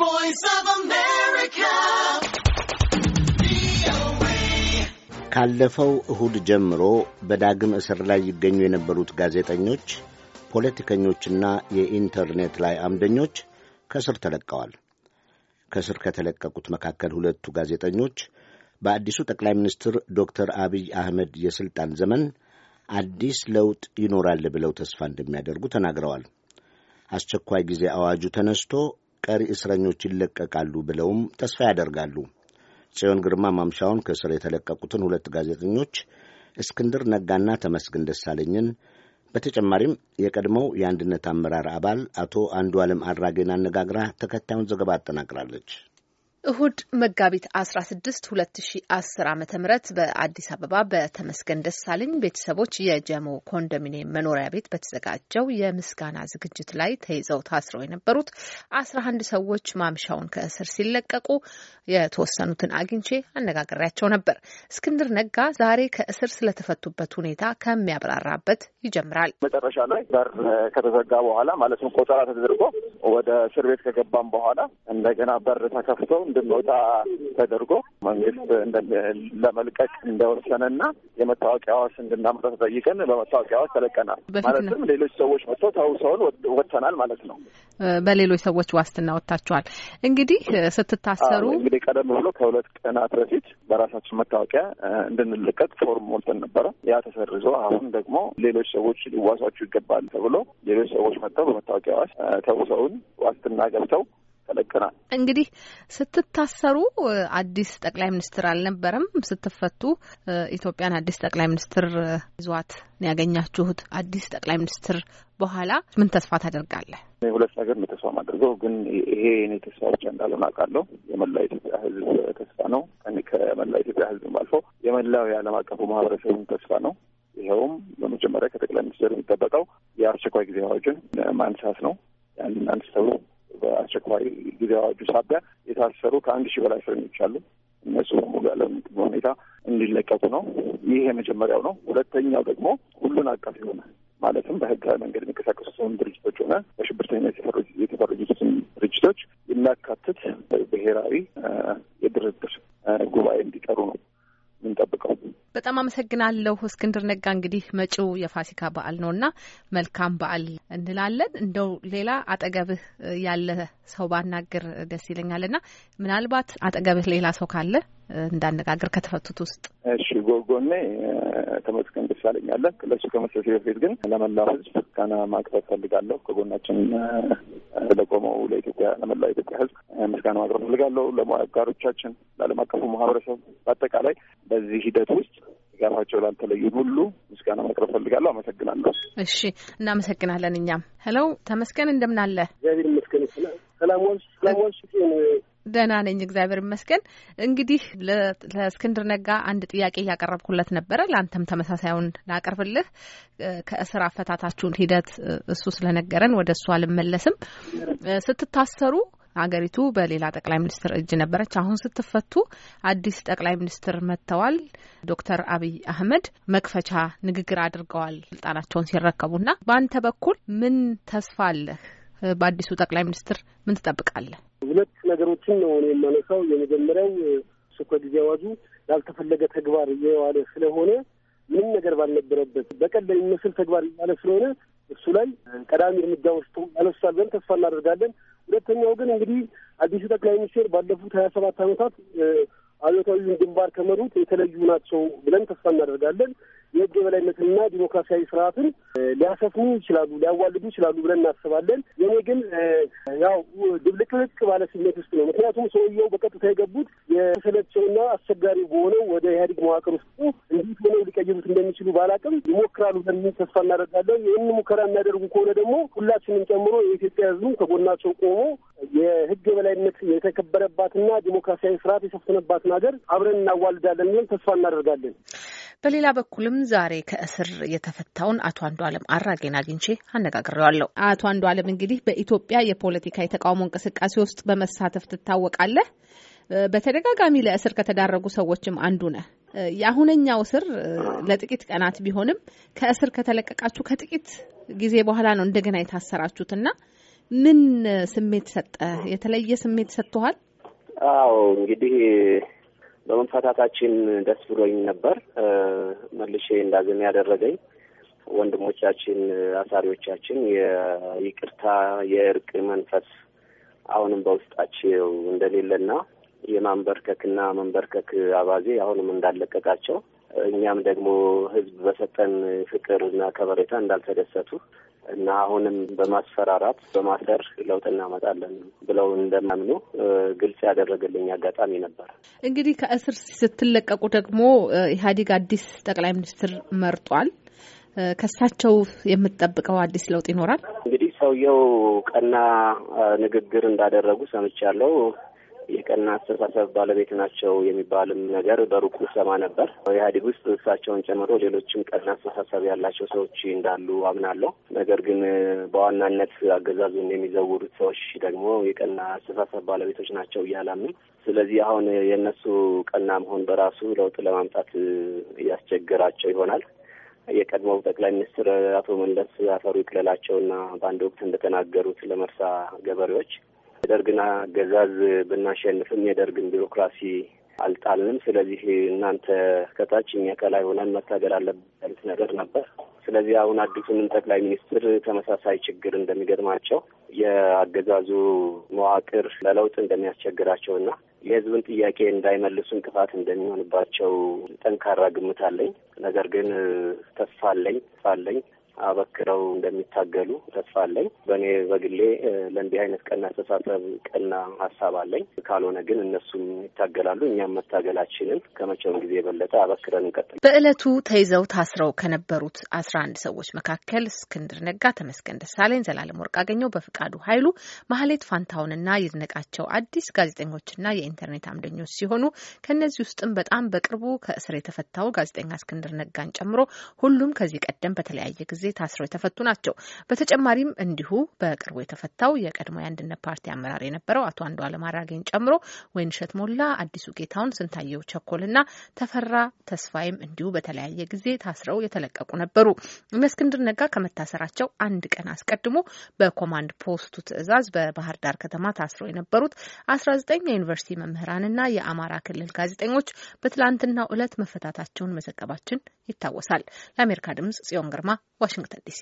voice of ካለፈው እሁድ ጀምሮ በዳግም እስር ላይ ይገኙ የነበሩት ጋዜጠኞች፣ ፖለቲከኞችና የኢንተርኔት ላይ አምደኞች ከእስር ተለቀዋል። ከእስር ከተለቀቁት መካከል ሁለቱ ጋዜጠኞች በአዲሱ ጠቅላይ ሚኒስትር ዶክተር አብይ አህመድ የሥልጣን ዘመን አዲስ ለውጥ ይኖራል ብለው ተስፋ እንደሚያደርጉ ተናግረዋል። አስቸኳይ ጊዜ አዋጁ ተነስቶ ቀሪ እስረኞች ይለቀቃሉ ብለውም ተስፋ ያደርጋሉ። ጽዮን ግርማ ማምሻውን ከእስር የተለቀቁትን ሁለት ጋዜጠኞች እስክንድር ነጋና ተመስገን ደሳለኝን በተጨማሪም የቀድሞው የአንድነት አመራር አባል አቶ አንዱ አለም አድራጌን አነጋግራ ተከታዩን ዘገባ አጠናቅራለች። እሁድ መጋቢት 16 2010 ዓ ም በአዲስ አበባ በተመስገን ደሳለኝ ቤተሰቦች የጀሞ ኮንዶሚኒየም መኖሪያ ቤት በተዘጋጀው የምስጋና ዝግጅት ላይ ተይዘው ታስረው የነበሩት 11 ሰዎች ማምሻውን ከእስር ሲለቀቁ የተወሰኑትን አግኝቼ አነጋግሬያቸው ነበር። እስክንድር ነጋ ዛሬ ከእስር ስለተፈቱበት ሁኔታ ከሚያብራራበት ይጀምራል። መጨረሻ ላይ በር ከተዘጋ በኋላ ማለትም ቆጠራ ተደርጎ ወደ እስር ቤት ከገባም በኋላ እንደገና በር ተከፍተው እንድንወጣ ተደርጎ መንግስት ለመልቀቅ እንደወሰነና የመታወቂያ አዋስ እንድናመጣ ተጠይቀን በመታወቂያ አዋስ ተለቀናል። ማለትም ሌሎች ሰዎች መጥቶ ተውሰውን ወጥተናል ማለት ነው። በሌሎች ሰዎች ዋስትና ወጥታችኋል። እንግዲህ ስትታሰሩ እንግዲህ ቀደም ብሎ ከሁለት ቀናት በፊት በራሳችን መታወቂያ እንድንለቀቅ ፎርም ሞልተን ነበረ። ያ ተሰርዞ አሁን ደግሞ ሌሎች ሰዎች ሊዋሷችሁ ይገባል ተብሎ ሌሎች ሰዎች መጥተው በመታወቂያ ተውሰውን ዋስትና ገብተው ተለቀናል። እንግዲህ ስትታሰሩ አዲስ ጠቅላይ ሚኒስትር አልነበረም። ስትፈቱ ኢትዮጵያን አዲስ ጠቅላይ ሚኒስትር ይዟት ያገኛችሁት። አዲስ ጠቅላይ ሚኒስትር በኋላ ምን ተስፋ ታደርጋለህ? ሁለት ነገር ነው ተስፋ ማድረገው፣ ግን ይሄ እኔ ተስፋ ብቻ እንዳልሆነ አውቃለሁ። የመላው ኢትዮጵያ ሕዝብ ተስፋ ነው። ከመላው ኢትዮጵያ ሕዝብ አልፎ የመላው የዓለም አቀፉ ማህበረሰቡ ተስፋ ነው። ይኸውም በመጀመሪያ ከጠቅላይ ሚኒስትር የሚጠበቀው የአስቸኳይ ጊዜ አዋጅን ማንሳት ነው። ያንን አንስተው በአስቸኳይ ጊዜ አዋጁ ሳቢያ የታሰሩ ከአንድ ሺህ በላይ እስረኞች አሉ። እነሱ በሙሉ ያለምንም ሁኔታ እንዲለቀቁ ነው። ይህ የመጀመሪያው ነው። ሁለተኛው ደግሞ ሁሉን አቀፍ የሆነ ማለትም በህጋዊ መንገድ የሚንቀሳቀሱትን ድርጅቶች ሆነ በሽብርተኝነት የተፈረጁትን ድርጅቶች የሚያካትት ብሔራዊ የድርድር ጉባኤ እንዲጠሩ ነው የምንጠብቀው። በጣም አመሰግናለሁ እስክንድር ነጋ። እንግዲህ መጪው የፋሲካ በዓል እና መልካም በዓል እንላለን። እንደው ሌላ አጠገብህ ያለ ሰው ባናግር ደስ ይለኛልና ምናልባት አጠገብህ ሌላ ሰው ካለ እንዳነጋግር ከተፈቱት ውስጥ እሺ፣ ጎጎኔ ተመስገን ደሳለኝ አለ። ለሱ ከመስረሴ በፊት ግን ለመላው ሕዝብ ምስጋና ማቅረብ ፈልጋለሁ። ከጎናችን ለቆመው ለኢትዮጵያ ለመላው ኢትዮጵያ ሕዝብ ምስጋና ማቅረብ ፈልጋለሁ። ለሙያ አጋሮቻችን፣ ለዓለም አቀፉ ማህበረሰብ በአጠቃላይ በዚህ ሂደት ውስጥ ጋፋቸው ላልተለዩ ሁሉ ምስጋና ማቅረብ ፈልጋለሁ። አመሰግናለሁ። እሺ፣ እናመሰግናለን። እኛም ሄለው ተመስገን እንደምን አለ? እግዚአብሔር ይመስገን። ሰላም ወንስ ሰላም ወንስ ደህና ነኝ፣ እግዚአብሔር ይመስገን። እንግዲህ ለእስክንድር ነጋ አንድ ጥያቄ እያቀረብኩለት ነበረ። ለአንተም ተመሳሳዩን ላቀርብልህ። ከእስር አፈታታችሁን ሂደት እሱ ስለነገረን ወደ እሱ አልመለስም። ስትታሰሩ ሀገሪቱ በሌላ ጠቅላይ ሚኒስትር እጅ ነበረች። አሁን ስትፈቱ አዲስ ጠቅላይ ሚኒስትር መጥተዋል። ዶክተር አብይ አህመድ መክፈቻ ንግግር አድርገዋል ስልጣናቸውን ሲረከቡና በአንተ በኩል ምን ተስፋ አለህ? በአዲሱ ጠቅላይ ሚኒስትር ምን ትጠብቃለህ? ሁለት ነገሮችን ነው እኔ የማነሳው። የመጀመሪያው እሱ ጊዜ አዋጁ ያልተፈለገ ተግባር የዋለ ስለሆነ ምንም ነገር ባልነበረበት በቀል የሚመስል ተግባር ያለ ስለሆነ እሱ ላይ ቀዳሚ እርምጃ ወስቶ ያለሱሳል ብለን ተስፋ እናደርጋለን። ሁለተኛው ግን እንግዲህ አዲሱ ጠቅላይ ሚኒስትር ባለፉት ሀያ ሰባት ዓመታት አብዮታዊውን ግንባር ከመሩት የተለዩ ናቸው ብለን ተስፋ እናደርጋለን። የህግ የበላይነትንና ዲሞክራሲያዊ ስርዓትን ሊያሰፍኑ ይችላሉ፣ ሊያዋልዱ ይችላሉ ብለን እናስባለን። የኔ ግን ያው ድብልቅልቅ ባለ ስሜት ውስጥ ነው። ምክንያቱም ሰውየው በቀጥታ የገቡት የተሰለቸውና አስቸጋሪ በሆነው ወደ ኢህአዴግ መዋቅር ውስጡ እንዴት ሆነው ሊቀይሩት እንደሚችሉ ባላቅም ይሞክራሉ ብለን ተስፋ እናደርጋለን። ይህን ሙከራ የሚያደርጉ ከሆነ ደግሞ ሁላችንም ጨምሮ የኢትዮጵያ ህዝቡ ከጎናቸው ቆሞ የህግ የበላይነት የተከበረባትና ዲሞክራሲያዊ ስርዓት የሰፈነባትን ሀገር አብረን እናዋልዳለን ብለን ተስፋ እናደርጋለን። በሌላ በኩልም ዛሬ ከእስር የተፈታውን አቶ አለም አራጌን አግኝቼ አነጋግሬዋለሁ። አቶ አለም እንግዲህ በኢትዮጵያ የፖለቲካ የተቃውሞ እንቅስቃሴ ውስጥ በመሳተፍ ትታወቃለህ። በተደጋጋሚ ለእስር ከተዳረጉ ሰዎችም አንዱ ነህ። የአሁነኛው እስር ለጥቂት ቀናት ቢሆንም ከእስር ከተለቀቃችሁ ከጥቂት ጊዜ በኋላ ነው እንደገና የታሰራችሁት እና ምን ስሜት ሰጠ? የተለየ ስሜት ሰጥቶሃል? አዎ እንግዲህ መፈታታችን ደስ ብሎኝ ነበር። መልሼ እንዳዘም ያደረገኝ ወንድሞቻችን፣ አሳሪዎቻችን የይቅርታ የእርቅ መንፈስ አሁንም በውስጣቸው እንደሌለና የማንበርከክና መንበርከክ አባዜ አሁንም እንዳለቀቃቸው እኛም ደግሞ ሕዝብ በሰጠን ፍቅርና ከበሬታ እንዳልተደሰቱ እና አሁንም በማስፈራራት በማሰር ለውጥ እናመጣለን ብለው እንደማምኑ ግልጽ ያደረገልኝ አጋጣሚ ነበር። እንግዲህ ከእስር ስትለቀቁ ደግሞ ኢህአዴግ አዲስ ጠቅላይ ሚኒስትር መርጧል። ከሳቸው የምትጠብቀው አዲስ ለውጥ ይኖራል? እንግዲህ ሰውየው ቀና ንግግር እንዳደረጉ ሰምቻለሁ። የቀና አስተሳሰብ ባለቤት ናቸው የሚባልም ነገር በሩቁ ሰማ ነበር። ኢህአዴግ ውስጥ እሳቸውን ጨምሮ ሌሎችም ቀና አስተሳሰብ ያላቸው ሰዎች እንዳሉ አምናለሁ። ነገር ግን በዋናነት አገዛዙን የሚዘውሩት ሰዎች ደግሞ የቀና አስተሳሰብ ባለቤቶች ናቸው እያላምን ስለዚህ አሁን የእነሱ ቀና መሆን በራሱ ለውጥ ለማምጣት እያስቸገራቸው ይሆናል። የቀድሞው ጠቅላይ ሚኒስትር አቶ መለስ አፈሩ ይቅለላቸውና በአንድ ወቅት እንደተናገሩት ለመርሳ ገበሬዎች የደርግን አገዛዝ ብናሸንፍም የደርግን ቢሮክራሲ አልጣልንም። ስለዚህ እናንተ ከታች እኛ ከላይ ሆነን መታገል አለበት ነገር ነበር። ስለዚህ አሁን አዲሱንም ጠቅላይ ሚኒስትር ተመሳሳይ ችግር እንደሚገጥማቸው የአገዛዙ መዋቅር ለለውጥ እንደሚያስቸግራቸው እና የሕዝብን ጥያቄ እንዳይመልሱ እንቅፋት እንደሚሆንባቸው ጠንካራ ግምት አለኝ። ነገር ግን ተስፋ አለኝ ተስፋ አለኝ አበክረው እንደሚታገሉ ተስፋ አለኝ። በእኔ በግሌ ለእንዲህ አይነት ቀና አስተሳሰብ፣ ቀና ሀሳብ አለኝ። ካልሆነ ግን እነሱም ይታገላሉ፣ እኛም መታገላችንን ከመቼውም ጊዜ የበለጠ አበክረን እንቀጥል። በእለቱ ተይዘው ታስረው ከነበሩት አስራ አንድ ሰዎች መካከል እስክንድር ነጋ፣ ተመስገን ደሳለኝ፣ ዘላለም ወርቅ አገኘው፣ በፍቃዱ ኃይሉ፣ ማህሌት ፋንታሁንና ይድነቃቸው አዲስ ጋዜጠኞችና የኢንተርኔት አምደኞች ሲሆኑ ከእነዚህ ውስጥም በጣም በቅርቡ ከእስር የተፈታው ጋዜጠኛ እስክንድር ነጋን ጨምሮ ሁሉም ከዚህ ቀደም በተለያየ ጊዜ ጊዜ ታስረው የተፈቱ ናቸው። በተጨማሪም እንዲሁ በቅርቡ የተፈታው የቀድሞ የአንድነት ፓርቲ አመራር የነበረው አቶ አንዱዓለም አራጌን ጨምሮ ወይንሸት ሞላ፣ አዲሱ ጌታውን፣ ስንታየው ቸኮልና ተፈራ ተስፋይም እንዲሁ በተለያየ ጊዜ ታስረው የተለቀቁ ነበሩ። እስክንድር ነጋ ከመታሰራቸው አንድ ቀን አስቀድሞ በኮማንድ ፖስቱ ትዕዛዝ በባህር ዳር ከተማ ታስረው የነበሩት አስራ ዘጠኝ የዩኒቨርሲቲ መምህራንና የአማራ ክልል ጋዜጠኞች በትላንትናው ዕለት መፈታታቸውን መዘገባችን ይታወሳል። ለአሜሪካ ድምጽ ጽዮን ግርማ ዋሽንግተን ዲሲ